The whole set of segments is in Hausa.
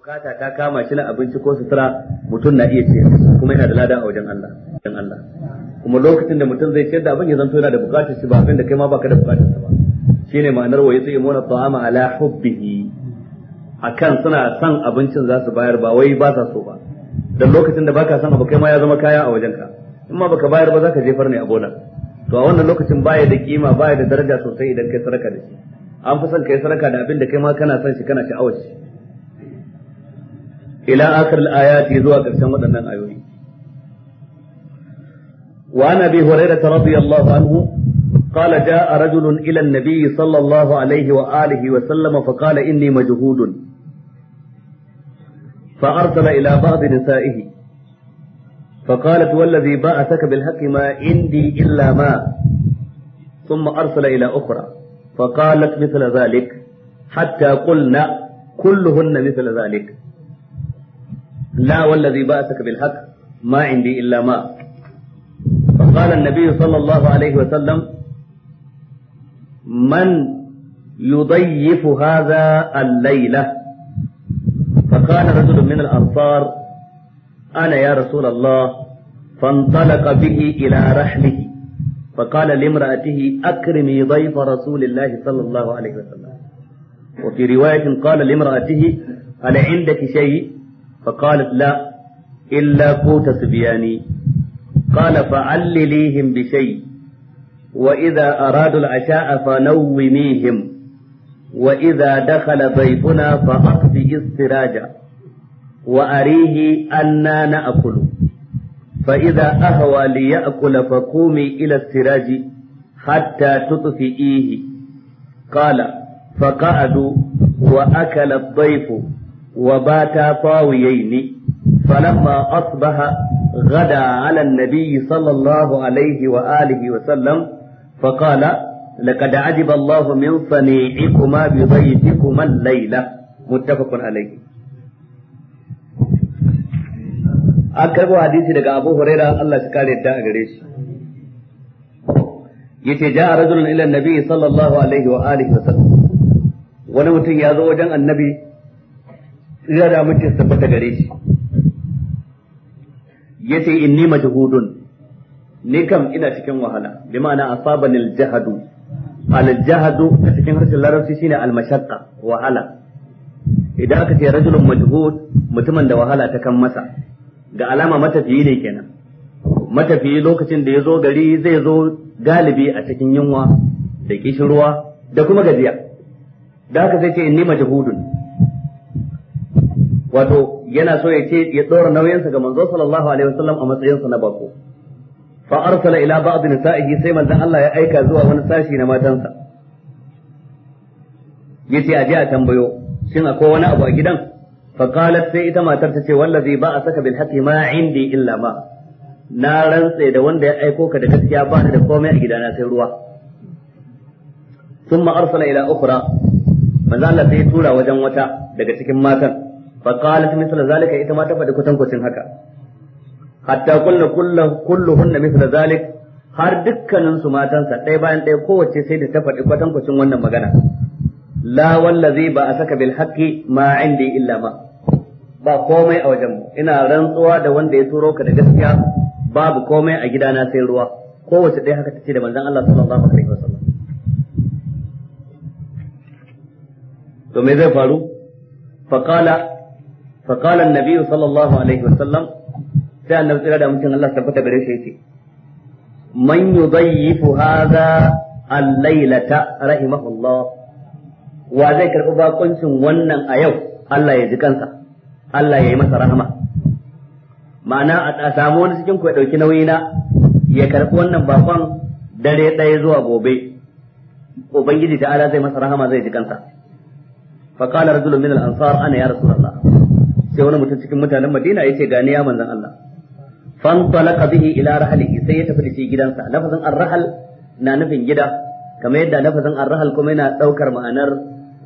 bukata ta kama shi na abinci ko sutura mutum na iya ce kuma yana da lada a wajen Allah wajen Allah kuma lokacin da mutum zai ciyar da abin ya zanto yana da bukatar shi ba abin da kai ma baka da bukatar sa ba shine ma'anar wa yutsimuna ta'ama ala hubbihi akan suna son abincin za su bayar ba wai ba sa so ba da lokacin da baka son abu kai ma ya zama kaya a wajenka in ma baka bayar ba za ka jefar ne a bola to a wannan lokacin baya da kima baya da daraja sosai idan kai saraka da shi an fi son kai saraka da abin da kai ma kana son shi kana sha'awar shi إلى آخر الآيات ayat zuwa karshen waɗannan ayoyi أبي هريرة رضي الله عنه قال جاء رجل إلى النبي صلى الله عليه وآله وسلم فقال إني مجهود فأرسل إلى بعض نسائه فقالت والذي بعثك بالحق ما عندي إلا ما ثم أرسل إلى أخرى فقالت مثل ذلك حتى قلنا كلهن مثل ذلك لا والذي بعثك بالحق ما عندي إلا ما فقال النبي صلى الله عليه وسلم من يضيف هذا الليلة فقال رجل من الأنصار أنا يا رسول الله فانطلق به إلى رحله فقال لامرأته أكرمي ضيف رسول الله صلى الله عليه وسلم وفي رواية قال لامرأته هل عندك شيء فقالت لا إلا قوت صبياني قال فعلليهم بشيء وإذا أرادوا العشاء فنوميهم وإذا دخل ضيفنا فأقضي السراج وأريه أنا نأكل فإذا أهوى ليأكل فقومي إلى السراج حتى تطفئيه قال فقعدوا وأكل الضيف وباتا طاويين فلما أصبح غدا على النبي صلى الله عليه وآله وسلم فقال لقد عجب الله من صنيعكما بضيفكما الليلة متفق عليه an karbo hadisi daga Abu Huraira Allah shi kare da a gare shi yace ja'a rajulun ila annabi sallallahu alaihi wa sallam wani mutum ya zo wajen annabi tsira da mutum tabbata gare shi in inni majhudun ni kam ina cikin wahala bi ma'ana asabani al aljahadu al a cikin harshen larabci shine al wahala idan aka ce rajulun majhud mutumin da wahala ta kan masa ga alama matafiyi ne kenan matafiyi lokacin da ya zo gari zai zo galibi a cikin yunwa da kishin ruwa da kuma gajiya da haka zai ce in inni majhudun wato yana so ya ce ya dora nauyinsa ga manzo sallallahu alaihi wasallam a matsayinsa na bako fa arsala ila ba'd nisa'ihi sai manzon Allah ya aika zuwa wani sashi na matansa yace aje a tambayo shin akwai wani abu a gidan fa qalat sai ita matar ta ce wallazi ba asaka bil haqqi ma indi illa ma na rantse da wanda ya aiko ka da gaskiya ba da komai a gidana sai ruwa ثم أرسل إلى أخرى manzo Allah sai ya tura wajen wata daga cikin matan fa qalat mithla zalika ita ma ta faɗi kwatankwacin haka hatta kullu kullu kulluhunna mithla zalik har dukkanin su matansa ɗaya bayan ɗaya kowace sai da ta faɗi kwatankwacin wannan magana la wallazi ba a saka bil haqqi ma indi illa ma ba komai a wajen mu ina rantsuwa da wanda ya turo ka da gaskiya babu komai a gidana sai ruwa kowace ɗaya haka tace da manzon Allah sallallahu alaihi wasallam to me zai faru fa qala fa Nabiyu an-nabi sallallahu alaihi wasallam sai annabi tsira da mutum Allah tabbata gare shi yace man yudayyifu hadha al-lailata rahimahullah wa zai karbi bakuncin wannan a yau Allah ya ji kansa Allah ya yi masa rahama ma'ana a samu wani cikin ku ya dauki nauyi na ya karɓi wannan bakon dare ɗaya zuwa gobe ubangiji ta'ala zai masa rahama zai ji kansa fa qala rajulun min al-ansar ana ya rasulullah sai wani mutum cikin mutanen Madina yace ga ni ya manzon Allah fan talaka bihi ila rahlihi sai ya tafi da shi gidansa lafazin arrahal na nufin gida kamar yadda lafazin arrahal kuma yana daukar ma'anar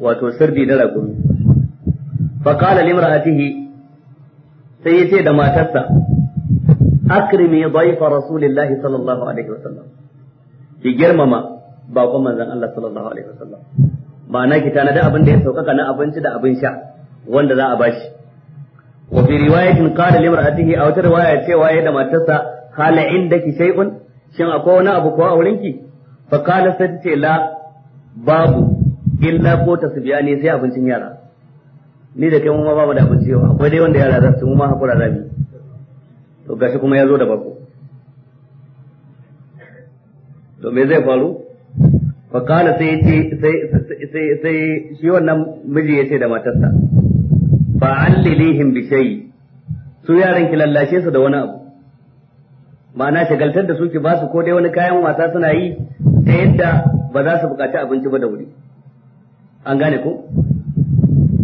wato sirri da ragumi fa qala limra'atihi sai yace da matarsa akrimi dhayfa rasulillahi sallallahu alaihi wasallam ki girmama bakon manzon Allah sallallahu alaihi wasallam ma'ana ki da abin da ya saukaka na abinci da abin sha wanda za a bashi wa fi riwayatin qala limra'atihi a wata riwaya ce waye da matarsa inda ki shay'un shin akwai wani abu ko a wurinki fa qala sai ta ce la babu illa ko tasbiyani sai abincin yara ni da kai mu ma bamu da abinci yau akwai dai wanda yara za su mu ma hakura zabi to gashi kuma ya zo da bako to me zai faru fa qala sai ce sai sai sai shi wannan miji yace da matarsa ba allidihim bi shay su yaran ki lallashe su da wani abu ma'ana shagaltar da su ki ba su ko dai wani kayan wasa suna yi ta yadda ba za su bukaci abinci ba da wuri an gane ko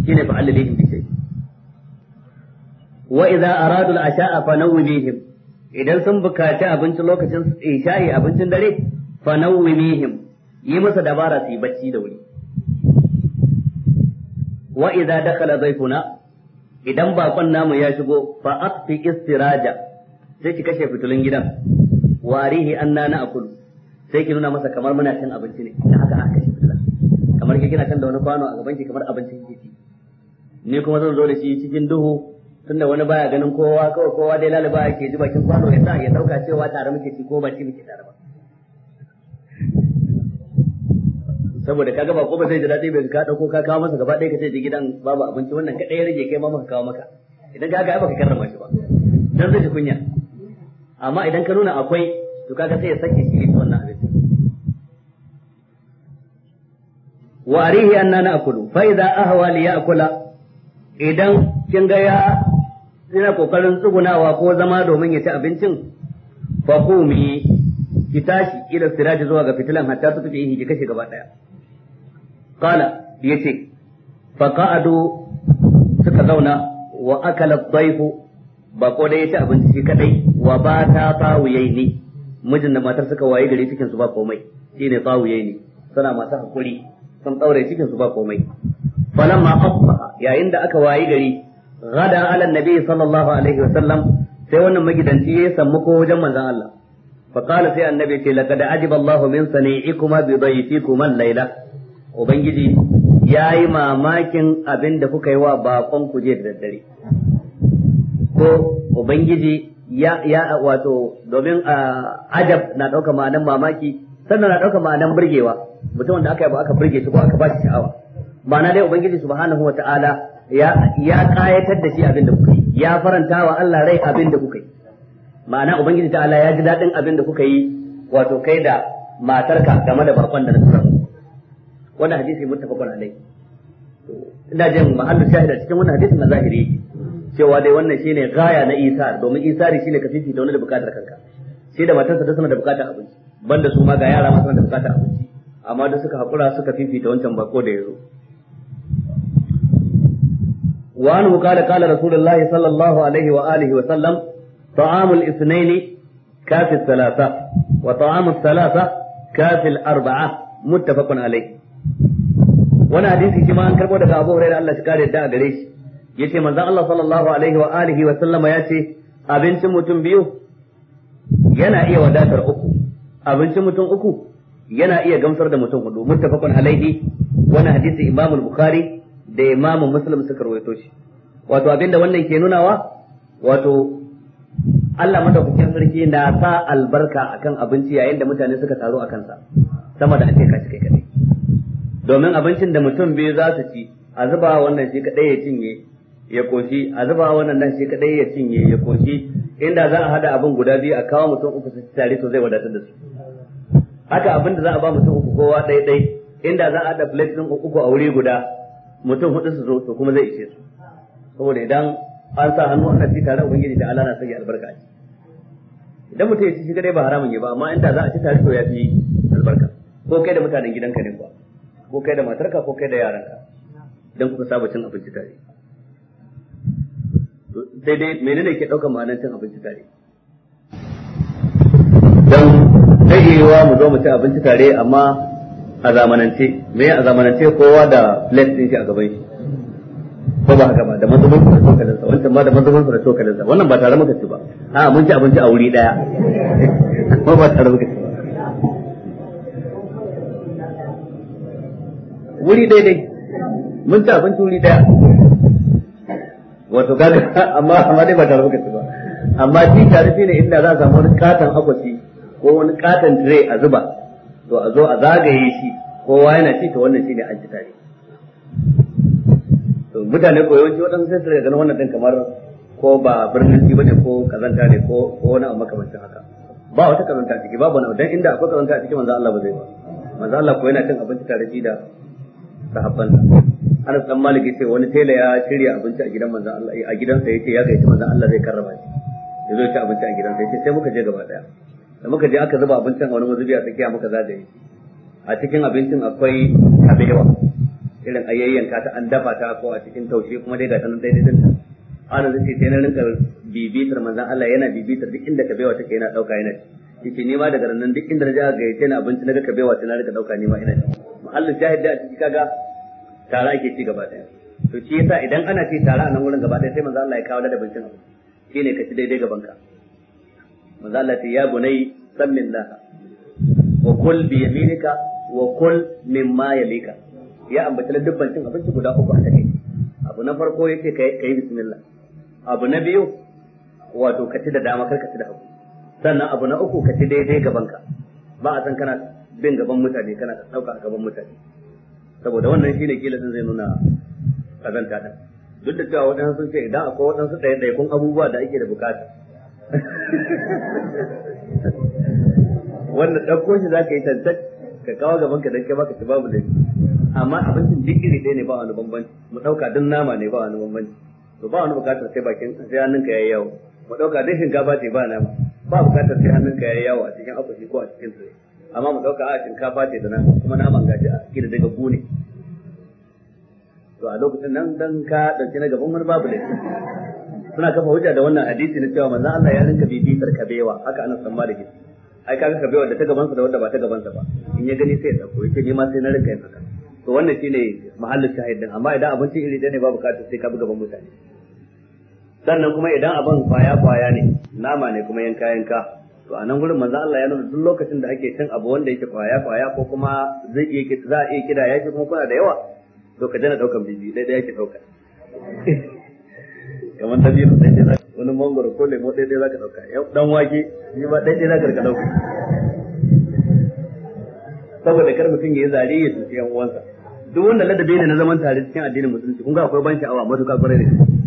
ne fa allidihim bi shay wa idza aradu al-asha'a fa nawwihim idan sun bukaci abinci lokacin isha'i abincin dare fa nawwihim yi masa dabara su yi bacci da wuri wa idza dakala zaifuna idan bakon namu ya shigo fa asfi istiraja sai ki kashe fitulun gidan warihi anna na akulu sai ki nuna masa kamar muna cin abinci ne da haka aka kashe fitula kamar ki kina kan da wani kwano a gaban ki kamar abincin ki ci ni kuma zan zo da shi cikin duhu tunda wani baya ganin kowa kawai kowa dai lalaba yake ji bakin kwano ya sa ya dauka cewa tare muke ci ko ba ci muke tare ba saboda kaga ba ko ba zai ji daɗi bai ka dauko ka kawo masa gaba ɗaya ka ce ji gidan babu abinci wannan ka ɗaya rage kai ma maka kawo maka idan ka ga ai baka karrama shi ba dan zai ji kunya amma idan ka nuna akwai to kaga sai ya sake shi ita wannan abinci wa arihi anna na'kulu fa idza ahwa li ya'kula idan kin ga ya yana kokarin tsugunawa ko zama domin ya ci abincin fa kumi ki tashi ila siraji zuwa ga fitilan hatta su tafi hiji kashe gaba daya qala yace fa qa'adu suka zauna wa akala dhaifu ba ko da yace abinci shi kadai wa ba ta tawuyaini mijin da matar suka waye gari cikin su ba komai shine ne, suna masu hakuri sun daure cikin su ba komai falamma Abba, yayin da aka waye gari gada ala nabi sallallahu alaihi wasallam sai wannan magidanci ya samu ko wajen manzon Allah fa qala sai annabi ce laqad ajiba Allahu min sani'ikuma bi dhayfikuma al-laila ubangiji ya yi mamakin abin da kuka yi wa bakon ku je da daddare ko ubangiji ya ya wato domin ajab na ɗauka ma'anan mamaki sannan na ɗauka ma'anan burgewa mutum da aka yi ba aka burge shi ko aka ba shi sha'awa ma'ana dai ubangiji subhanahu wa ta'ala ya ya kayatar da shi abin da kuka yi ya faranta wa Allah rai abin da kuka yi ma'ana ubangiji ta'ala ya ji daɗin abin da kuka yi wato kai da matarka game da bakon da na tura wannan hadisi muttafaqun alai ina jin mahallu shahida cikin wannan hadisi na zahiri cewa dai wannan shine gaya na isar domin isari shine ka fifi da wani da bukatar kanka shi da matarsa da suna da bukatar abinci banda su ma ga yara ma suna da bukatar abinci amma da suka hakura suka fifi da wancan bako da yazo وعنه قال قال رسول الله صلى الله عليه وآله وسلم طعام الاثنين كافي الثلاثة وطعام الثلاثة كافي الأربعة متفق عليه wani hadisi shi ma an karbo daga Abu Hurairah Allah shi kare da gare shi yace manzon Allah sallallahu alaihi wa alihi wa sallama yace abincin mutum biyu yana iya wadatar uku abincin mutum uku yana iya gamsar da mutum hudu muttafaqun alaihi wani hadisi Imam Bukhari da Imam Muslim suka rawaito shi wato abinda wannan ke nunawa wato Allah madaukakin sarki na sa albarka akan abinci yayin da mutane suka taru a kansa sama da ake kashi kai kadai domin abincin da mutum biyu za su ci a zuba wannan shi kadai ya cinye ya koshi a zuba wannan nan shi kadai ya cinye ya koshi inda za a hada abin guda biyu a kawo mutum uku su tare to zai wadatar da su haka abin da za a ba mutum uku kowa ɗaya ɗaya inda za a hada plate din uku a wuri guda mutum hudu su zo to kuma zai ishe su saboda idan an sa hannu ana ci tare ubangiji da Allah na sanya albarka a idan mutum ya ci shi kadai ba haramun ya ba amma inda za a ci tare to ya fi albarka ko kai da mutanen gidanka ne kuwa ko kai da matarka ko kai da yaranka idan kuka saba cin abinci tare Sai dai menene ke ɗaukar ma'anar cin abinci tare dan dagewa mu zo mu ci abinci tare amma a zamanance me a zamanance kowa da plate din shi a gaban shi ko ba haka ba da mazubin da cokalin sa wannan ma da mazubin da cokalin sa wannan ba tare muka ci ba a mun ci abinci a wuri daya ko ba tare muka ci wuri daidai mun ci abinci wuri daya wato gaga amma amma dai ba tare muka ci ba amma shi tare ne inda za a samu wani katon akwati ko wani katon tire a zuba to a zo a zagaye shi kowa yana ci to wannan shine an ci tare to mutane ko yawanci waɗansu sai su ga wannan din kamar ko ba birnin ci bane ko kazanta ne ko ko wani abu makamancin haka ba wata kazanta ciki babu wani dan inda akwai kazanta a cikin manzo Allah ba zai ba manzo Allah ko yana cin abinci tare shi da sahabbansa Anas dan Malik yace wani tela ya shirya abinci a gidan manzon Allah a gidansa yace ya gaici manzon Allah zai karrama shi yazo ci abinci a gidansa yace sai muka je gaba daya da muka je aka zuba abincin a wani mazubi a tsakiya muka zagaye a cikin abincin akwai kabewa irin ayayyan ka ta an dafa ta ko a cikin taushe kuma dai ga ta nan daidai dinta Anas yace sai na rinka bibitar manzon Allah yana bibitar duk inda kabewa take yana dauka yana ci yace ni ma daga nan duk inda na je a gaice na abinci na ga kabewa sai na rika dauka ni ma ina ci mahallin jahil da a ciki kaga tara ake ci gaba daya to shi yasa idan ana ci tara a nan wurin gaba daya sai manzo Allah ya kawo ladabin cin abu shine ka ci daidai gaban ka manzo Allah ya ya bunai sammillah wa kul bi yaminika wa kul mimma yalika ya ambaci ladabin cin abinci guda uku a take abu na farko yace kai kai bismillah abu na biyu wato ka ci da dama kar ka ci da hagu sannan abu na uku ka ci daidai gaban ka ba a san kana bin gaban mutane kana ka a gaban mutane saboda wannan shine kila sun zai nuna kazanta din duk da cewa waɗansu sun ce idan akwai waɗansu kun abubuwa da ake da bukata wannan ɗauko shi za ka yi tantar ka kawo gaban ka dan kai baka ci babu amma abincin duk iri ɗaya ne ba wani bambanci mu ɗauka duk nama ne ba wani bambanci to ba wani bukatar sai bakin sai ya yi yawo mu ɗauka duk shinkafa ce ba nama ba bukatar sai hannunka yayi yawo a cikin akushi ko a cikin tsaye amma mu dauka a shinkafa ce da nan kuma naman gashi a kila daga gune to a lokacin nan dan ka dauki na gaban wani babu laifi suna kafa hujja da wannan hadisi na cewa manzon Allah ya rinka bibitar kabewa haka ana san maliki ai kaga kabewa da ta gaban sa da wanda ba ta gaban sa ba in ya gani sai ya dauko yace ni ma sai na rinka yin haka to wannan shine mahallin shahidin amma idan abinci iri ɗaya ne babu bukatar sai ka bi gaban mutane sannan kuma idan abin kwaya kwaya ne nama ne kuma yanka yanka to a nan gurin manzo Allah ya nuna duk lokacin da ake cin abu wanda yake kwaya kwaya ko kuma zai iya za a iya kida yake kuma kuna da yawa to ka dana daukan bibi dai dai yake dauka kamar da dai dai wani mangoro ko lemo dai dai zaka dauka yau dan wake ni ba dai dai zaka dauka saboda kar mutum ya yi zare ya tsaye yan uwansa duk wanda ladabi ne na zaman tare cikin addinin musulunci kun ga akwai ban sha'awa matuƙa kwarai da gaske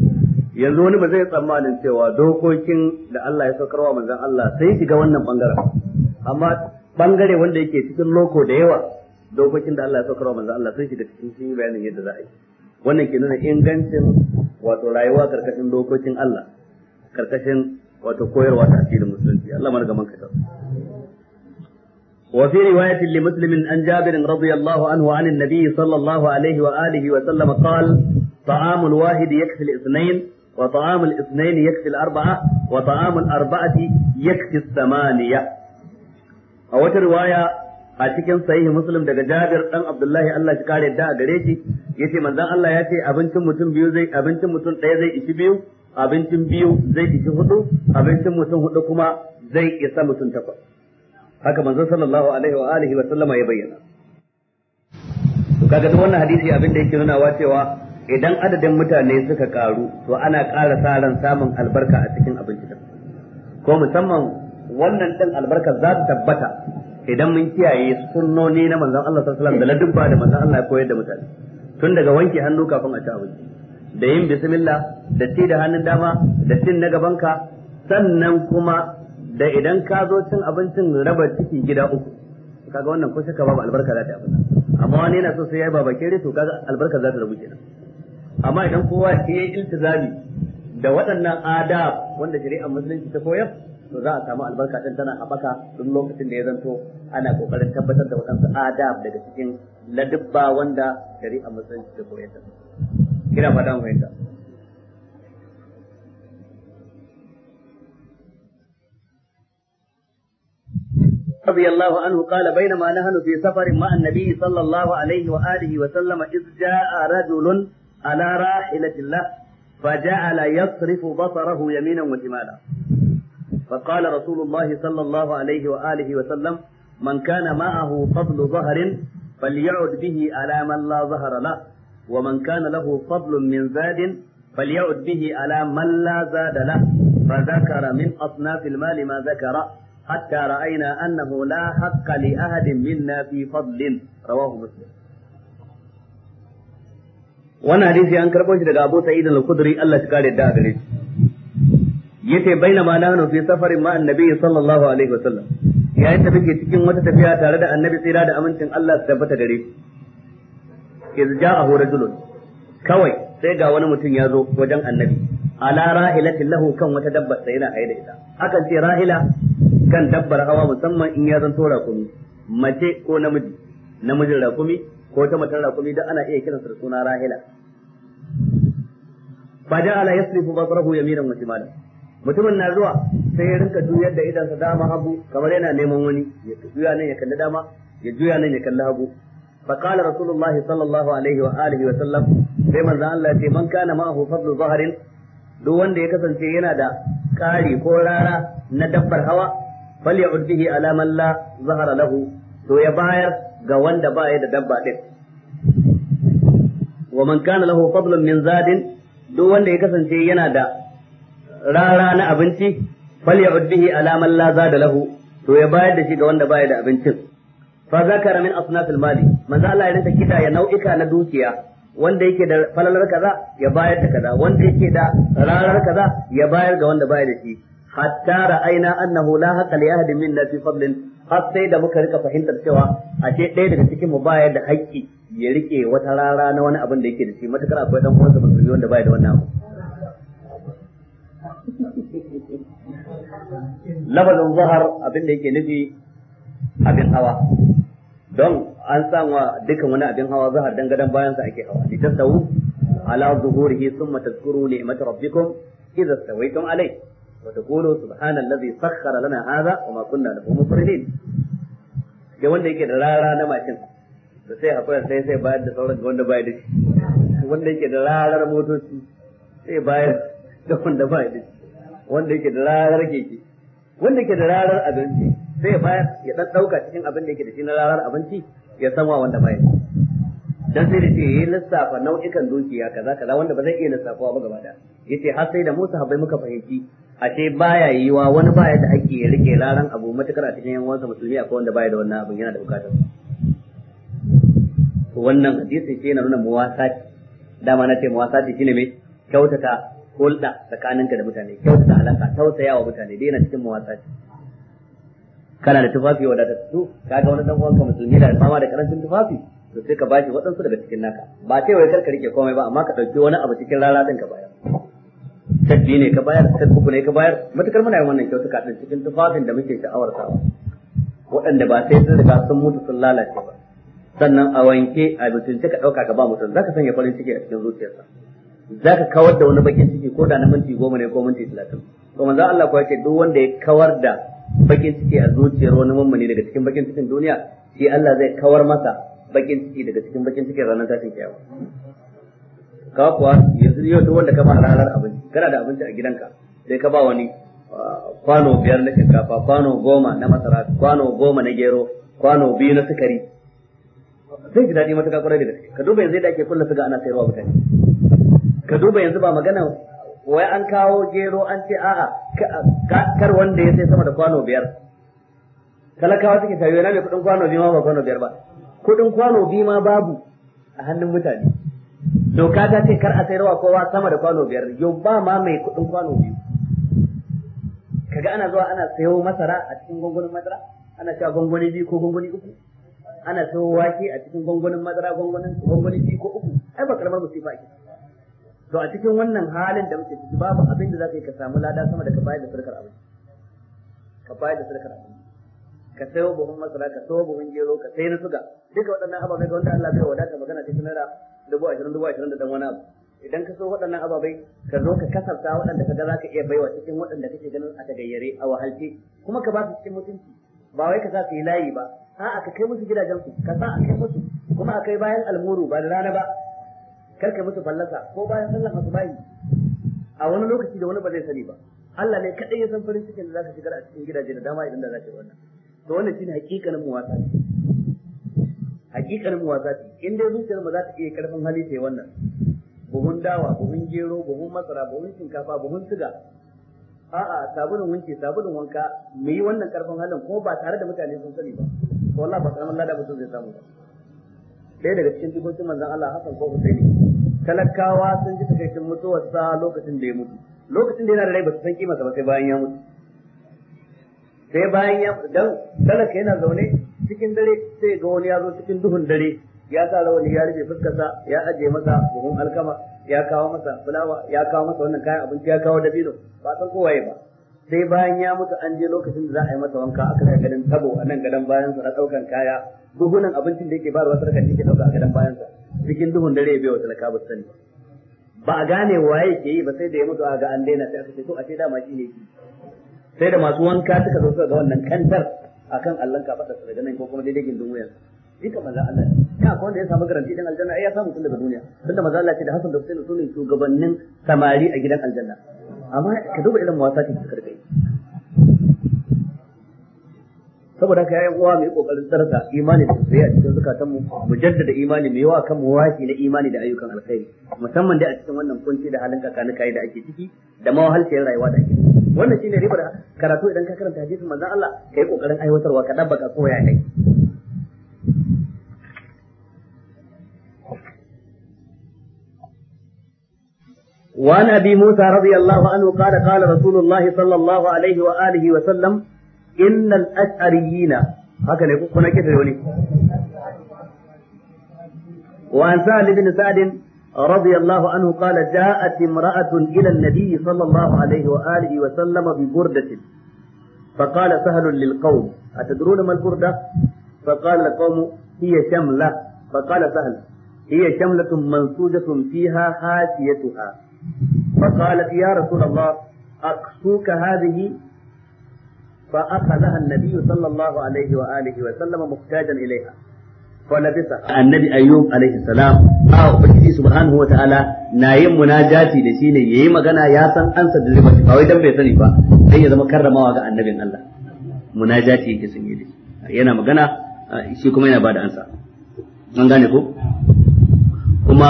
yanzu wani ba zai tsammanin cewa dokokin da Allah ya saukarwa manzon Allah sai shiga wannan bangaren amma bangare wanda yake cikin loko da yawa dokokin da Allah ya saukarwa manzon Allah sai shiga cikin sun yi bayanin yadda za a yi wannan ke nuna ingancin wato rayuwa karkashin dokokin Allah karkashin wato koyarwa ta asirin musulunci Allah mana gaman ka وفي رواية لمسلم عن جابر رضي الله عنه عن النبي صلى الله عليه وآله وسلم قال طعام الواحد يكفي الاثنين وطعام الاثنين يكفي الأربعة وطعام الأربعة يكفي الثمانية أو رواية a cikin sahihi muslim daga Jabir dan Abdullahi Allah shi kare da gare shi yace manzon Allah ya ce abincin mutum biyu zai ishi biyu abincin biyu zai ishi hudu abincin mutum hudu kuma zai mutum haka manzon sallallahu alaihi wa alihi wa sallama ya bayyana to kaga duk wannan hadisi abin da yake nunawa cewa idan adadin mutane suka karu to ana ƙara sa ran samun albarka a cikin abinci da ko musamman wannan din albarka za ta tabbata idan mun kiyaye sunnoni na manzon Allah sallallahu alaihi wasallam da ladubba da manzon Allah ya koyar da mutane tun daga wanke hannu kafin a ci abinci da yin bismillah da ci da hannun dama da cin na gabanka sannan kuma da idan ka zo cin abincin raba ciki gida uku kaga wannan ko shi ka babu albarka za ta yi amma wani yana so sai ya yi babakere to kaga albarka za ta rabu kenan amma idan kowa ya yi iltizami da waɗannan adab wanda shari'ar musulunci ta koyar to za a samu albarka din tana haɓaka duk lokacin da ya zanto ana kokarin tabbatar da waɗansu adab daga cikin ladubba wanda shari'ar musulunci ta koyar da kira fata dan fahimta رضي الله عنه قال بينما نحن في سفر مع النبي صلى الله عليه وآله وسلم إذ جاء رجل على راحلة له فجعل يصرف بصره يمينا وشمالا فقال رسول الله صلى الله عليه وآله وسلم من كان معه فضل ظهر فليعد به على من لا ظهر له ومن كان له فضل من زاد فليعد به على من لا زاد له فذكر من أصناف المال ما ذكر حتى رأينا أنه لا حق لأحد منا في فضل رواه مسلم wannan hadisi an karɓo shi daga Abu Sa'id al-Khudri Allah shi kare da gare shi yace bainama nahnu fi safarin ma annabi sallallahu alaihi wasallam yayin da muke cikin wata tafiya tare da annabi tsira da amincin Allah su tabbata gare shi iz ja'ahu rajulun kawai sai ga wani mutum ya zo wajen annabi ala rahilatin lahu kan wata dabbar sai yana haye ita akan ce rahila kan dabbar hawa musamman in ya zanto rakumi mace ko namiji namijin rakumi ko ta matan raƙumi duk ana iya kiransa da suna rahila fa ala yasrifu basarahu yaminan wa shimalan mutumin na zuwa sai ya rinka juyar da idansa dama hagu kamar yana neman wani ya juya nan ya kalli dama ya juya nan ya kalli hagu fa qala rasulullahi sallallahu alaihi wa alihi wa sallam sai manzo Allah ya ce man kana ma'ahu fadlu zaharin duk wanda ya kasance yana da kari ko rara na dabbar hawa faly'ud bihi ala man la zahara lahu to ya bayar ga wanda ba ya da dabba din wa man kana lahu fadlun min zadin duk wanda ya kasance yana da rara na abinci fal ya'uddihi ala alaman la zada lahu to ya bayar da shi ga wanda baya da abincin fa zakara min asnafil mali manzo Allah ya rinka kida ya nau'ika na dukiya wanda yake da falalar kaza ya bayar da kaza wanda yake da rarar kaza ya bayar ga wanda baya da shi hatta ra'ayna annahu la haqqa li ahadin minna fi fadlin har sai da muka rika fahimtar cewa ce ɗaya daga cikin mu baya da haƙƙi ya rike wata rara na wani abin da yake da shi matukar akwai dan uwansa musulmi wanda baya da wannan abu lafazin zahar abin da yake nufi abin hawa don an sanwa dukkan wani abin hawa zahar dan gadan sa ake hawa ni litastawu ala zuhurihi thumma tadhkuru ni'mat rabbikum idza stawaytum alayhi وتقولوا سبحان الذي سخر لنا هذا وما كنا له مقرنين da wanda yake da rara na mashin da sai hakura sai sai bayar da sauran ga wanda bayar da shi wanda yake da rarar motoci sai bayar da wanda bayar da shi wanda yake da rarar keke wanda yake da rarar abinci sai bayar ya dan dauka cikin abin da yake da shi na rarar abinci ya sama wanda bayar da shi dan sai da ce ya eh, lissafa nau'ikan dukiya kaza kaza wanda ba zai iya lissafawa ba gaba daya yace har sai da Musa habai muka fahimci ashe baya yiwa wani baya da ake ya rike laran abu matukar a cikin yan uwansa musulmi akwai wanda baya da wannan abin yana da bukata wannan hadisi ce yana nuna muwasati dama na ce muwasati shine mai kyautata hulɗa tsakaninka da mutane kyautata alaka tausayawa mutane dai yana cikin muwasati kana da tufafi wadatattu kaga wani dan uwanka musulmi da fama da karancin tufafi to sai ka bashi waɗansu daga cikin naka ba ce wai karka rike komai ba amma ka ɗauki wani abu cikin rara ɗin ka bayar sabbi ne ka bayar sabbi ne ka bayar matukar muna yin wannan kyautuka ɗin cikin tufafin da muke sha'awar sawa waɗanda ba sai sun riga sun mutu sun lalace ba sannan a wanke a mutunce ka ɗauka ka ba mutum zaka sanya farin ciki a cikin zuciyarsa zaka kawar da wani bakin ciki ko da na minti goma ne ko minti talatin to manzo Allah ko ce duk wanda ya kawar da bakin ciki a zuciyar wani mummuni daga cikin bakin cikin duniya shi Allah zai kawar masa bakin ciki daga cikin bakin cikin ranar tashin kiyama ka kuwa yanzu yau duk wanda ka ba ranar abinci kana da abinci a gidanka sai ka ba wani ah, kwano biyar na shinkafa kwano goma na masara kwano goma na gero kwano biyu na sukari zai ji daɗi matuƙa kwarai da gaske ka duba yanzu da ake kulla suga ana sayarwa mutane ka duba yanzu ba magana wai an kawo gero an ce a'a kar wanda ya sai sama da kwano biyar talakawa suke tayo yana mai kuɗin kwano biyu ma ba kwano biyar ba kuɗin kwano biyu ma babu a hannun mutane doka ta ce kar a sai rawa kowa sama da kwano biyar yau ba ma mai kuɗin kwano biyu kaga ana zuwa ana sayo masara a cikin gwangwanin madara ana cewa gwangwani biyu ko gwangwani uku ana sayo wake a cikin gwangwanin madara gwangwanin gwangwani biyu ko uku ai ba karamar musifa ake to a cikin wannan halin da muke ciki babu abin da za ka yi ka samu lada sama da ka bayar da sarkar abinci ka bayar da sarkar abinci ka sayo buhun masara ka sayo buhun gero ka sayi na suga duka waɗannan ababai ga wanda Allah bai wadata magana ta naira dubu ashirin dubu ashirin da dan wani abu idan ka so waɗannan ababai ka zo ka kasarta waɗanda ka ga za ka iya baiwa cikin waɗanda kake ganin a tagayyare a wahalce kuma ka ba su cikin mutunci ba wai ka sa su yi layi ba a'a ka kai musu gidajensu ka sa a kai musu kuma a kai bayan almuru ba da rana ba kar ka musu fallasa ko bayan sallan asubahi a wani lokaci da wani ba zai sani ba Allah ne kaɗai ya san farin cikin da za ka shigar a cikin gidaje da dama idan da za ka yi wannan to wannan shine hakikanin muwasa hakikanin muwasa in dai zuciyar ba za ta iya karfin hali ta wannan buhun dawa buhun gero buhun masara buhun shinkafa buhun siga a'a sabulun wanke sabulun wanka mu yi wannan karfin halin ko ba tare da mutane sun sani ba to wallahi ba karamin lada mutum zai samu ba ɗaya daga cikin dukkan manzon Allah Hassan ko Hussein talakawa sun ji takaicin mutuwarsa lokacin da ya mutu lokacin da yana da rai ba su san kima ba sai bayan ya mutu sai bayan ya dan talaka yana zaune cikin dare sai ga wani ya zo cikin duhun dare ya sa rawani ya rufe fuskarsa ya aje masa buhun alkama ya kawo masa fulawa ya kawo masa wannan kayan abinci ya kawo dabino ba san ko waye ba sai bayan ya mutu an je lokacin da za a yi masa wanka aka kai gadan tabo a nan gadon bayansa na ɗaukan kaya duhunan abincin da yake ba ruwa sarkar yake ɗauka a gadon bayansa cikin duhun dare bai wa talaka ba sani ba a gane waye ke yi ba sai da ya mutu a ga an daina sai aka ce to a ce dama shi ne sai da masu wanka suka zo suka ga wannan kantar akan Allah ka fada su daga nan ko kuma daidai gindin wuyan duka manzo Allah ka akwai wanda ya samu garanti dan aljanna ai ya samu tun daga duniya tunda manzo Allah ce da Hassan da Hussein su shugabannin samari a gidan aljanna amma ka duba irin wasa ce karkai yi saboda haka yayin uwa mai kokarin tsarka imani da tsaye a cikin zakatan mu mu jaddada imani mai yawa kan muwafi na imani da ayyukan alkhairi musamman dai a cikin wannan kunci da halin kai da ake ciki da mawahalciyar rayuwa da ake wannan shine ribar karatu idan ka karanta hadisin manzon Allah kai kokarin aiwatarwa ka dabbaka koya kai وعن ابي موسى رضي الله عنه قال قال رسول الله صلى الله عليه واله وسلم إن الأشعريين هكذا يقول هنا كيف يولي وعن سهل بن سعد رضي الله عنه قال جاءت امرأة إلى النبي صلى الله عليه وآله وسلم ببردة فقال سهل للقوم أتدرون ما البردة فقال القوم هي شملة فقال سهل هي شملة منسوجة فيها حاشيتها فقالت يا رسول الله أقصوك هذه فأخذها النبي صلى الله عليه وآله وسلم محتاجا إليها فلبثها النبي أيوب عليه السلام أو بكتي سبحانه وتعالى نايم مناجاتي لشيني يي مغانا ياسن أنسى دلبتي فاوي bai sani فا sai ya zama karramawa ga annabin Allah munajati yake sun yi yana magana shi kuma yana bada ansa an gane ko kuma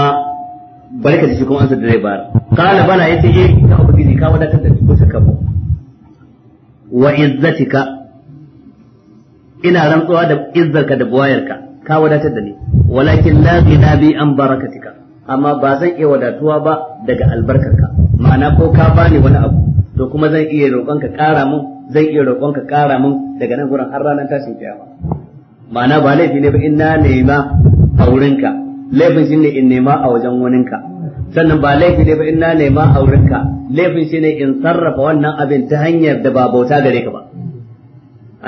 barka da shi kuma ansa da zai kala bana yace ka ubangiji ka wadatar da ni wa izzatika ina rantsuwa da izzarka da buwayarka ka wadatar da ni walakin la ghina bi an barakatika amma ba zan iya wadatuwa ba daga albarkarka ma'ana ko ka bani wani abu to kuma zan iya roƙon ka ƙara mun zan iya roƙon ƙara mun daga nan gurin har ranar tashin kiyama ma'ana ba laifi ne ba in na nema a wurinka laifin shine in nema a wajen waninka sannan ba laifi ne ba in na nema aurinka laifin shine in sarrafa wannan abin ta hanyar da ba bauta gare ka ba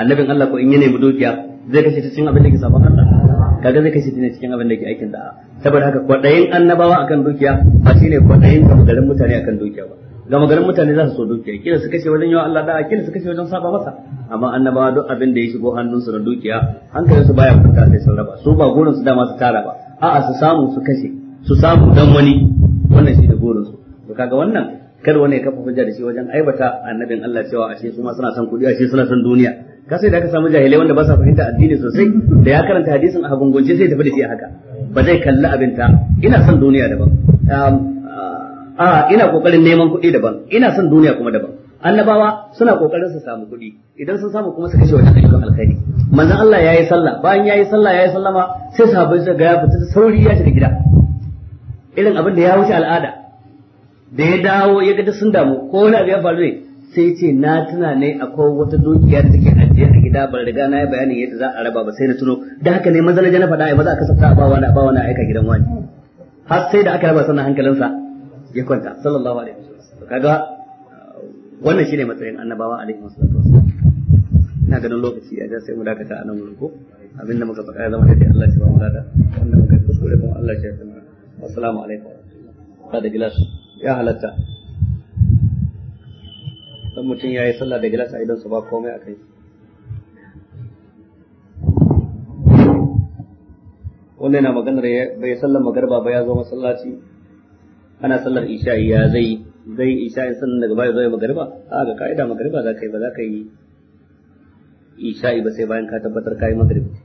annabin Allah ko in yi nemi dukiya zai kashe ta cikin abin da ke sabon Allah kaga zai kashe ta ne cikin abin da ke aikin da'a saboda haka kwadayin annabawa akan dukiya ba shine kwadayin garin mutane akan dukiya ba gama garin mutane za su so dukiya kila su kashe wajen yawa Allah da'a kila su kashe wajen saba masa amma annabawa duk abin da ya shigo hannunsu na dukiya hankalinsu baya fita sai sun raba su ba gurin su dama su tara ba a'a su samu su kashe su samu dan wani wannan shi da burin su to kaga wannan kada wani ya kafa hujja da shi wajen aibata annabin Allah cewa a su ma suna son kuɗi ashe suna son duniya ka sai da aka samu jahilai wanda ba sa fahimta addini sosai da ya karanta hadisin a gungunce sai tafi da shi haka ba zai kalli abin ta ina son duniya daban a ina kokarin neman kuɗi daban ina son duniya kuma daban annabawa suna kokarin su samu kuɗi idan sun samu kuma su kashe wajen ayyukan alkhairi manzon Allah yayi sallah bayan yayi sallah yayi sallama sai sahabbai suka ga ya fita sauri ya shiga gida irin abin da ya wuce al'ada da ya dawo ya ga sun damu ko wani abu ya faru ne sai ce na tuna ne akwai wata dukiya da take ajiye a gida ban riga na yi bayani yadda za a raba ba sai na tuno da haka ne maza jana faɗa ai maza aka sabta ba wani ba wani aika gidan wani har sai da aka raba sannan hankalinsa ya kwanta sallallahu alaihi wasallam kaga wannan shine matsayin annabawa alaihi wasallam ina ganin lokaci a ja sai mu dakata a nan wurin ko abinda muka faɗa ya zama da Allah shi ba mu lada wanda muka kuskure kuma Allah shi ya tsamana assalamu alaikum ta da gilas ya halatta dan mutum ya yi sallah da gilas a idan su ba komai a kai wannan yana maganar bai sallar magarba ba ya zo masallaci ana sallar isha'i ya zai zai isha'i sannan daga baya zo ya magarba a ga ka'ida magarba za ka yi ba za ka yi isha'i ba sai bayan ka tabbatar ka yi magarba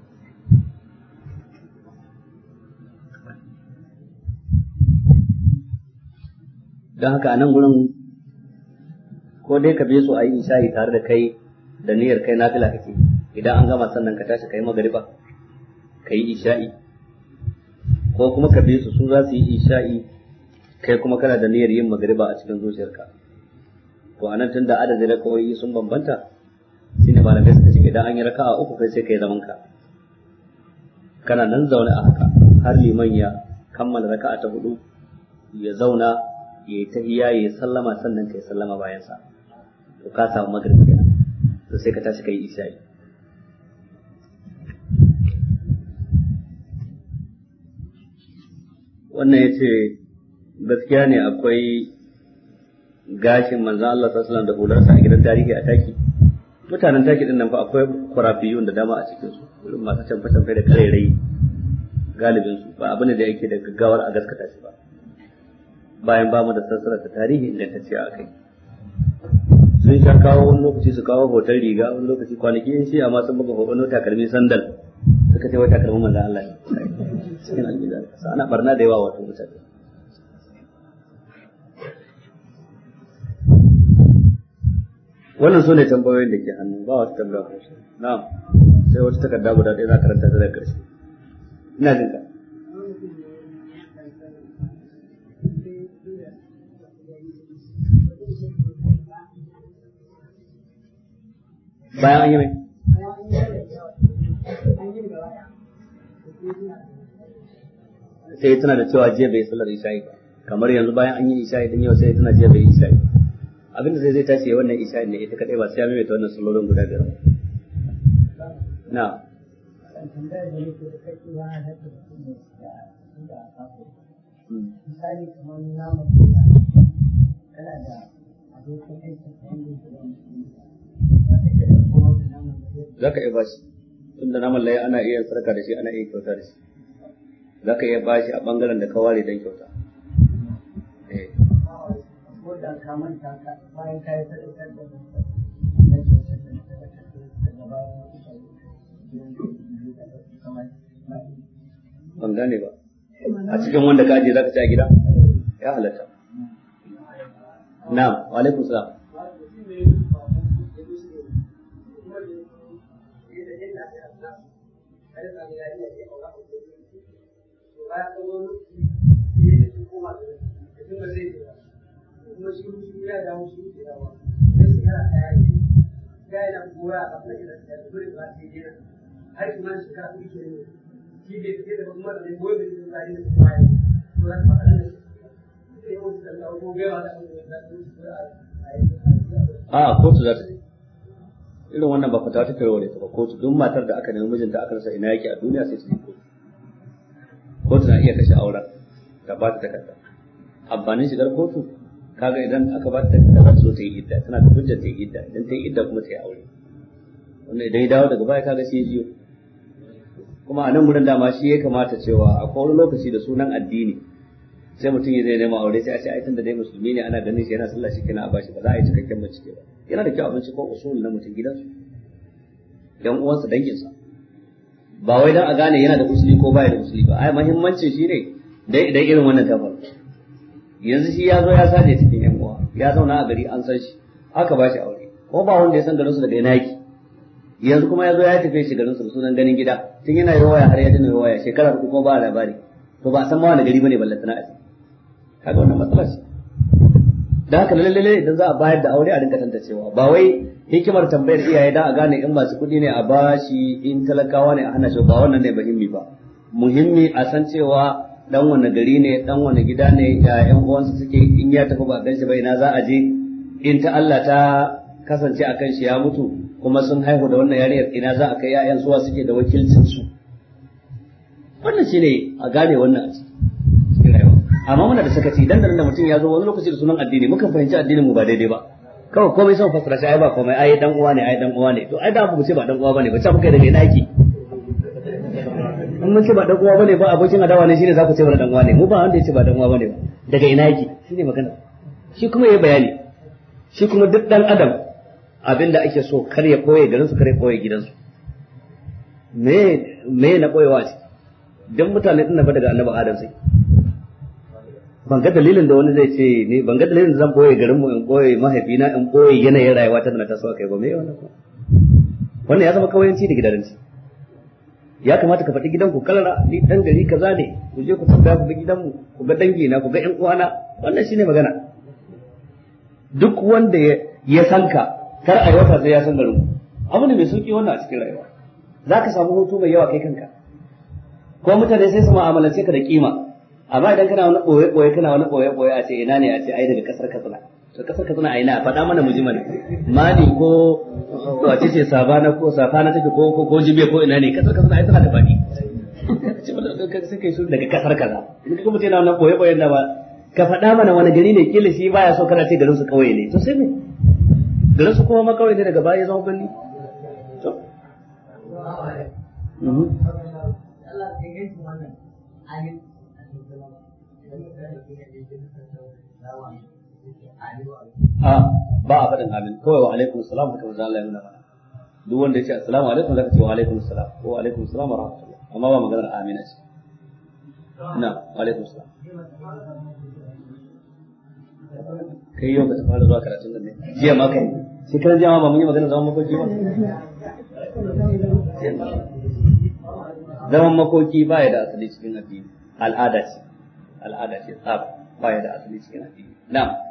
don haka a nan gurin ko dai ka biye su a yi isha'i tare da kai da niyyar kai nafila kake idan an gama sannan ka tashi kai magariba ka yi isha'i ko kuma ka biye su su za su yi isha'i kai kuma kana da niyyar yin magariba a cikin zuciyarka to anan tun da adadin rakawoyi sun bambanta shine malamai suka ce idan an yi raka'a uku kai sai kai zaman ka kana nan zaune a haka har liman ya kammala raka'a ta hudu ya zauna ya yi tahiya ya sallama sannan ka yi sallama bayan sa to ka samu magrib kenan to sai ka tashi ka yi isha'i wannan ya ce gaskiya ne akwai gashin manzan Allah sallallahu da hularsa a gidan tarihi a taki mutanen taki din nan fa akwai kurafiyun da dama a cikin su irin masu canfa canfa da rai galibin su ba abin da yake da gaggawar a gaskata shi ba bayan ba mu da sassara ta tarihi ingantacce a kai sun sha kawo wani lokaci su kawo hoton riga wani lokaci kwanaki in shiya masu sun buga hoton karmi sandal suka ce wata takalmin manzan Allah cikin almizan ana barna da yawa wato mutane wannan su ne tambayoyin da ke hannu ba wata tambaya ko na sai wata takarda guda ɗaya za karanta ta daga ƙarshe ina jin ka bayan an yi mai sai tana da cewa jiya bai sallar isha'i ba kamar yanzu bayan an yi isha'i din yau sai tana jiya bai isha'i abinda zai zai tashi wannan isha'i ne ita kadai ba sai ya maimaita wannan sallolin guda biyar na misali kamar naman kana da abokin aikin wanda ya za ka iya bashi tunda naman laye ana iya sarka da shi ana iya kyauta da shi za ka iya bashi a bangaren da ka ware don kyauta eh. ban gane ba a cikin wanda ka ajiye za ka ci a gida ya halatta na wa alaikum salam a ah, kotu za ta yi. irin wannan ba fata ta kai wa ne ta ba kotu duk matar da aka nemi mijinta aka rasa ina yake a duniya sai ta yi. kotu kotu na iya kashe auren da ba ta takarda amfanin shigar kotu kaga idan aka ba ta takarda so ta yi idda tana da hujjar ta yi idda idan ta yi idda kuma ta yi aure wannan idan ya dawo daga baya kaga sai jiyo kuma a nan gurin dama shi ya kamata cewa akwai wani lokaci da sunan addini sai mutum ya zai nema aure sai a ce aitan tunda dai musulmi ne ana ganin shi yana sallah shi kina a bashi ba za a yi cikakken bincike ba yana da kyau abinci ko usulun na mutum gidansu yan uwansa danginsa ba wai don a gane yana da usuli ko baya da usuli ba ai muhimmancin shine dai idan irin wannan ta yanzu shi ya zo ya sace cikin yan uwa ya zauna a gari an san shi aka ba shi aure ko ba wanda ya san garin su daga yanaki yanzu kuma ya zo ya tafi shi garin su sunan ganin gida tun yana yi waya har ya dina waya shekara uku ko ba labari to ba a san ma wani gari bane ballantana a kaga wannan matsalar da haka lalle idan za a bayar da aure a rinka tantancewa ba wai hikimar tambayar iyaye da a gane in masu kuɗi ne a bashi in talakawa ne a hana shi ba wannan ne muhimmi ba muhimmi a san cewa dan wani gari ne dan wani gida ne ya yan uwansa suke in ya tafi ba gan shi ba ina za a je in ta Allah ta kasance a kan shi ya mutu kuma sun haihu da wannan yariyar ina za a kai ƴaƴan suwa suke da wakilcin su wannan shine a gane wannan a ciki amma muna da sakaci dan da mutum ya zo wani lokaci da sunan addini muka fahimci addinin mu ba daidai ba kawai komai sun fasara sai ai ba komai ai dan uwa ne ai dan uwa ne to ai da mu ce ba dan uwa bane ba ce muka daga ina yake in mun ce ba dan uwa bane ba abokin adawa ne shine za ku ce ba dan uwa ne mu ba wanda ya ce ba dan uwa bane ba daga ina yake shine magana shi kuma yayi bayani shi kuma duk dan adam abinda ake so kar ya koye garin su kar ya koye gidansu me me na koyewa ce dan mutane din na ba daga annabi adam sai ban ga dalilin da wani zai ce ni ban ga dalilin da zan boye garin mu in boye mahaifina in boye yanayin rayuwa ta da na taso kai ba me wannan ko wannan ya zama kawayanci da gidanci ya kamata ka faɗi ku kalara ni dan gari kaza ne ku je ku tambaya ku ga gidanmu ku ga dangi na ku ga ƴan uwana wannan shine magana duk wanda ya san ka kar a wata sai ya san garin abu ne mai sauki wannan a cikin rayuwa zaka samu hutu mai yawa kai kanka ko mutane sai su mu'amalance ka da kima amma idan kana wani boye boye kana wani boye boye a ce ina ne a ce ai daga kasar Katsina to kasar Katsina a ina faɗa mana mu ji mana mali ko to a ce sabana ko safana take ko ko ko jibe ko ina ne kasar Katsina ai tana da faɗi ce ba da kai sai su daga kasar kaza in kuma ce na wani boye boye da ba ka faɗa mana wani gari ne kila shi baya so kana ce garin su kawai ne to sai me garin su kuma ma kauye ne daga baya zama birni to mhm. Allah ya gaishe wannan a ba a faɗin amin kawai wa alaikum salam haka manzo Allah ya nuna mana duk wanda ya ce assalamu alaikum zaka ce wa alaikum salam wa alaikum salam wa rahmatullah amma ba maganar amin ce na wa alaikum salam kai yau ka fara zuwa karatun nan ne jiya ma kai sai kan jiya ma ba mun yi magana zaman makoki ba zaman makoki ba ya da asali cikin addini al'ada ce al'ada ce tsab ba ya da asali cikin addini na'am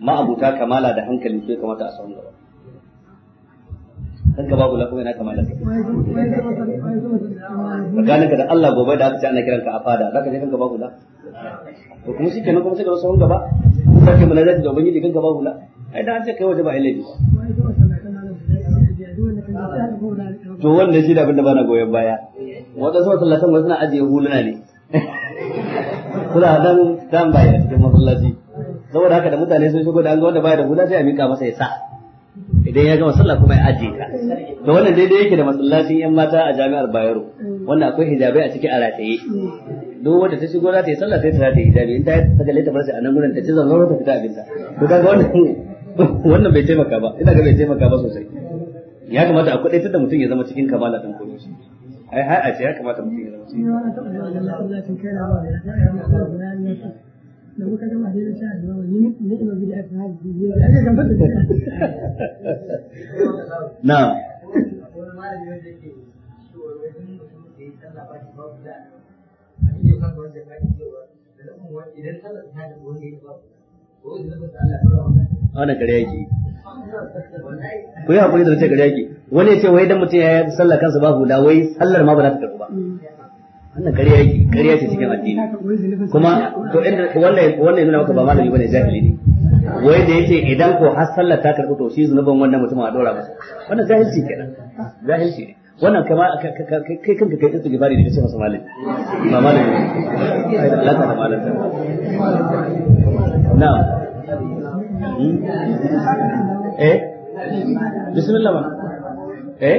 ma'abuta kamala da hankali sai kamata a samu gaba kanka babu lafiya na kamala kai tsakaninka da Allah gobe da aka ce ana kiranka a fada zaka je kanka babu la to kuma shi kenan kuma sai da wasu gaba ku sake munajat da ubangiji kanka babu la ai da an ce kai waje ba ilimi to wanda shi da abin da bana goyon baya wadansu masallatan wasu na ajiye huluna ne suna dan dan baya cikin masallaci saboda haka da mutane sun shigo da an ga wanda baya da hula sai a mika masa ya sa idan ya gama sallah kuma ya aje ka to wannan daidai yake da masallacin yan mata a jami'ar Bayero Wannan akwai hijabai a ciki a rataye duk wanda ta shigo za ta yi sallah sai ta rataye hijabi in ta ta gale ta bar sai a nan gurin ta ci zanzaro ta fita abinta to kaga wannan wannan bai taimaka ba ina ga bai taimaka ba sosai ya kamata a kudaitar da mutum ya zama cikin kamala dan koyo ai har a ce ya kamata mutum ya zama cikin kamala لو كان ما دينا شاهد نعم هذه Ku yi haƙuri da wuce kare yaki. Wani ya ce wai dan mutum ya yi sallah kansa ba hula wai sallar ma ba za ta karɓu ba. Mm. wannan ƙarya yake ƙarya ce cikin addini kuma to inda wannan wannan yana maka ba malami bane jahili ne wai da yake idan ko har sallar ta karɓi to shi zunuban wannan mutumin a dora masa wannan jahilci kenan jahilci ne wannan kama kai kanka kai tsitsi gibari da kace masa malami ba malami ne ai da alaka da malam na'am hmm? eh bismillah eh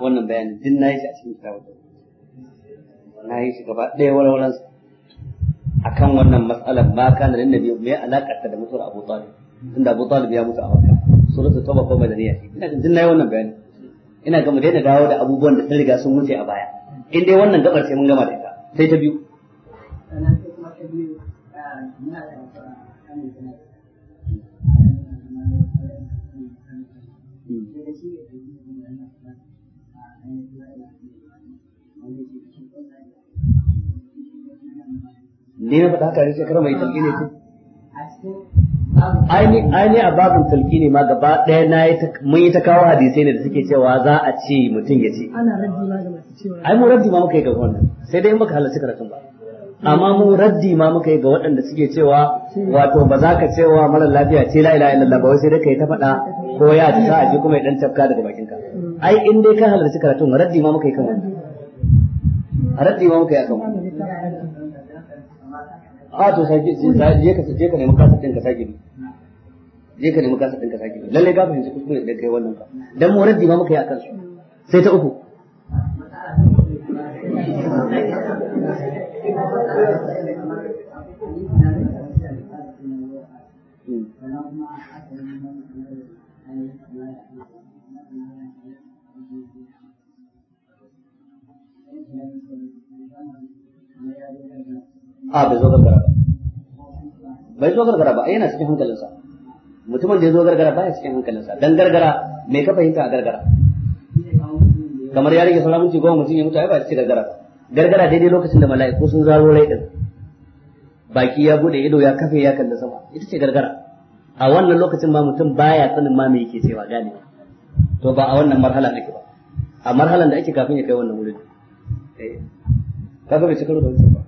wannan bayanin din na yi shi a cikin kitabu na yi shi gaba ɗaya walwalansa kan wannan matsalar ma kana da nabi me alakar da mutuwar Abu Talib tunda Abu Talib ya mutu a Makka suratul toba ko Madaniya ina jin yi wannan bayani ina ga mu daina dawo da abubuwan da sun riga sun wuce a baya in dai wannan gabar sai mun gama da ita sai ta biyu ni na faɗa haka ne shekara mai talki ne ko ai ni a babin talki ne ma gaba ɗaya na yi mun yi ta kawo hadisai ne da suke cewa za a ce mutum ya ce ana raddi ma ga masu cewa ai mu raddi ma muka yi ga wannan sai dai in baka halarci karatun ba amma mu raddi ma muka yi ga waɗanda suke cewa wato ba za ka cewa mara lafiya ce la ilaha illallah ba wai sai dai kai ta faɗa ko ya ta sa aje kuma ya dan tafka daga bakin ka ai in dai ka halarci karatun raddi ma muka yi kan wannan raddi ma muka yi kan wannan a to sai je ka je ka nemi kasa din ka sake ni je ka nemi kasa din ka sake ni lalle ga fahimci kuskure da kai wannan ka dan mu raddi ma muka yi akan su sai ta uku Thank hmm. you. a bai zo gargara ba bai zo gargara ba yana cikin hankalinsa mutumin da ya zo gargara baya cikin hankalinsa dan gargara me ka fahimta a gargara kamar ya rage sauran goma mutum ya mutu ai ba cikin gargara ba gargara daidai lokacin da mala'iku sun zaro rai din baki ya bude ido ya kafe ya kalla sama ita ce gargara a wannan lokacin ma mutum baya sanin ma me yake cewa gane to ba a wannan marhala nake ba a marhalan da ake kafin ya kai wannan wurin eh. ka ga bai ci karo da wancan ba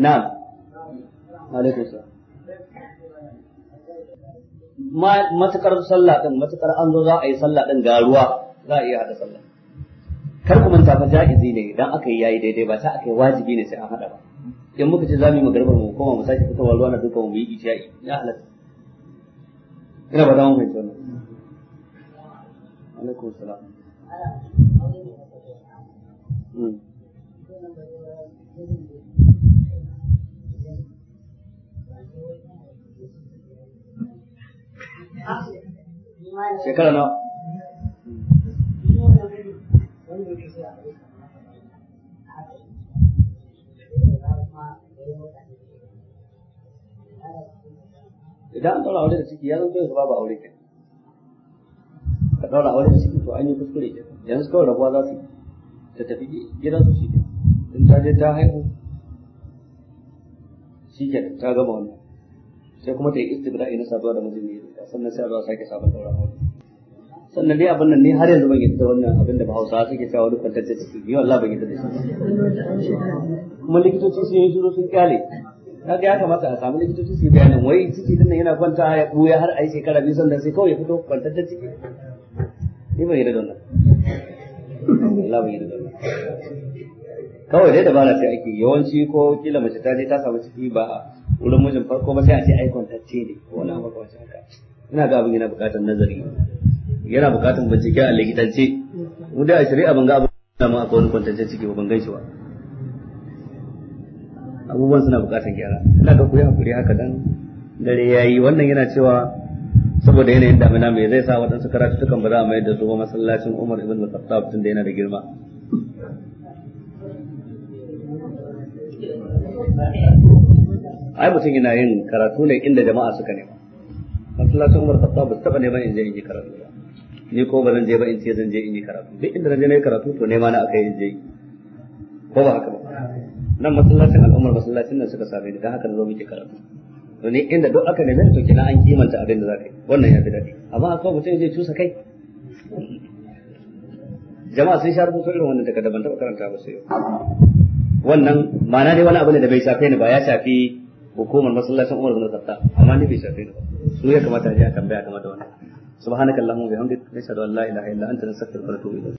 نعم عليك السلام ما sallah matukar an zo za a yi sallah din ga ruwa za manta fa ja'izi ne idan aka yi yayi daidai ba sai aka yi wajibi ne sai an hada ba in muka ce zamu yi magarba mu koma mu sake fitowa ruwa na duka mu yi isha'i ya halatta ina ba mu shekara na idan an daura aure da ciki ya su ba ba aure ke ka daura aure da ciki to an yi kuskure ke yanzu kawai rabuwa za su yi ta tafi gidan su shi in ta je ta haihu shi ke ta gaba wannan sai kuma ta yi istibra'i ina saduwa da mijin ne sannan sai a zuwa sake sabon daura aure sannan dai abin nan ne har yanzu ban yadda da wannan abin da Hausa suke cewa wani kwantacce ciki ni wallahi ban yadda da shi kuma likitoci sun yi shiru sun kyale ga ya kamata a samu likitoci su yi bayanin wai ciki din nan yana kwanta ya buya har a yi shekara biyu sannan sai kawai ya fito kwantacce ciki ni ban yadda da wannan wallahi ban yadda da wannan kawai dai dabara sai ake yawanci ko kila mace ta je ta samu ciki ba a wurin mijin farko ba sai a ce ai kwantacce ne ko wani abu kamar haka ina ga abin yana bukatar nazari yana bukatar bincike a likitance mu da a shari'a ban ga abin da mu akwai wani kwantacce ciki ba ban gan ba abubuwan suna bukatar gyara ina ga kuya hakuri haka dan dare yayi wannan yana cewa saboda yanayin damina mai zai sa waɗansu karatu tukan ba za a mayar da su ba masallacin Umar ibn al-Khattab da yana da girma ai mutum yana yin karatu ne inda jama'a suka nema masallacin umar khattab ba su taba neman in je in yi karatu ba ni ko ba zan je ba in ce zan je in yi karatu duk inda zan je na yi karatu to nema na aka yi je ko ba haka ba nan masallacin al'ummar masallacin nan suka same ni dan haka na zo karatu to ne inda duk aka neme to kina an kimanta abin da zaka yi wannan ya fi daɗi amma a kawai mutum zai cusa kai jama'a sun sha rubutu irin wannan daga daban taba karanta ba sai yau wannan ma'ana dai wani abu ne da bai shafe ni ba ya shafi hukumar masallacin Umar bin Khattab amma ni bai shafe ni ba su ya kamata a a tambaya kamar da wannan subhanakallahumma wa bihamdika nashhadu an la ilaha illa anta nastaghfiruka wa atubu ilayk